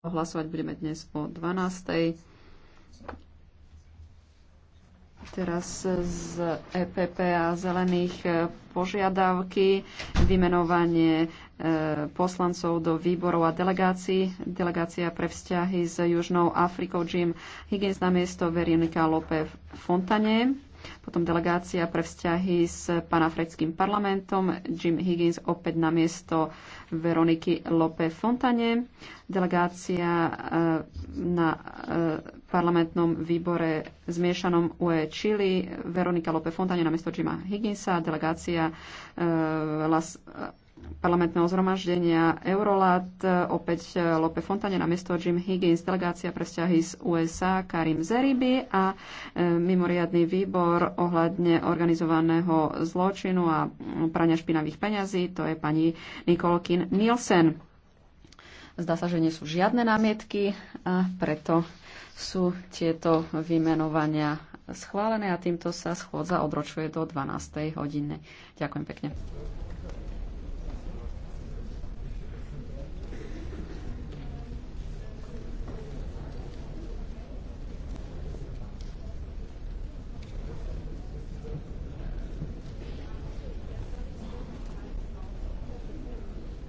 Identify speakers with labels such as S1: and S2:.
S1: Hlasovať budeme dnes o 12. Teraz z EPP a zelených e, požiadavky vymenovanie e, poslancov do výborov a delegácií. Delegácia pre vzťahy s Južnou Afrikou Jim Higgins na miesto Veronika Lope Fontane. Potom delegácia pre vzťahy s panafrickým parlamentom Jim Higgins opäť na miesto Veroniky Lope Fontane. Delegácia eh, na eh, parlamentnom výbore zmiešanom UE Chile Veronika Lope Fontane na miesto Jima Higginsa. Delegácia eh, parlamentného zhromaždenia Eurolat, opäť Lope Fontane na miesto Jim Higgins, delegácia pre vzťahy z USA Karim Zeriby a e, mimoriadný výbor ohľadne organizovaného zločinu a prania špinavých peňazí, to je pani Nikolkin Nielsen. Zdá sa, že nie sú žiadne námietky a preto sú tieto vymenovania schválené a týmto sa schôdza odročuje do 12. hodiny. Ďakujem pekne.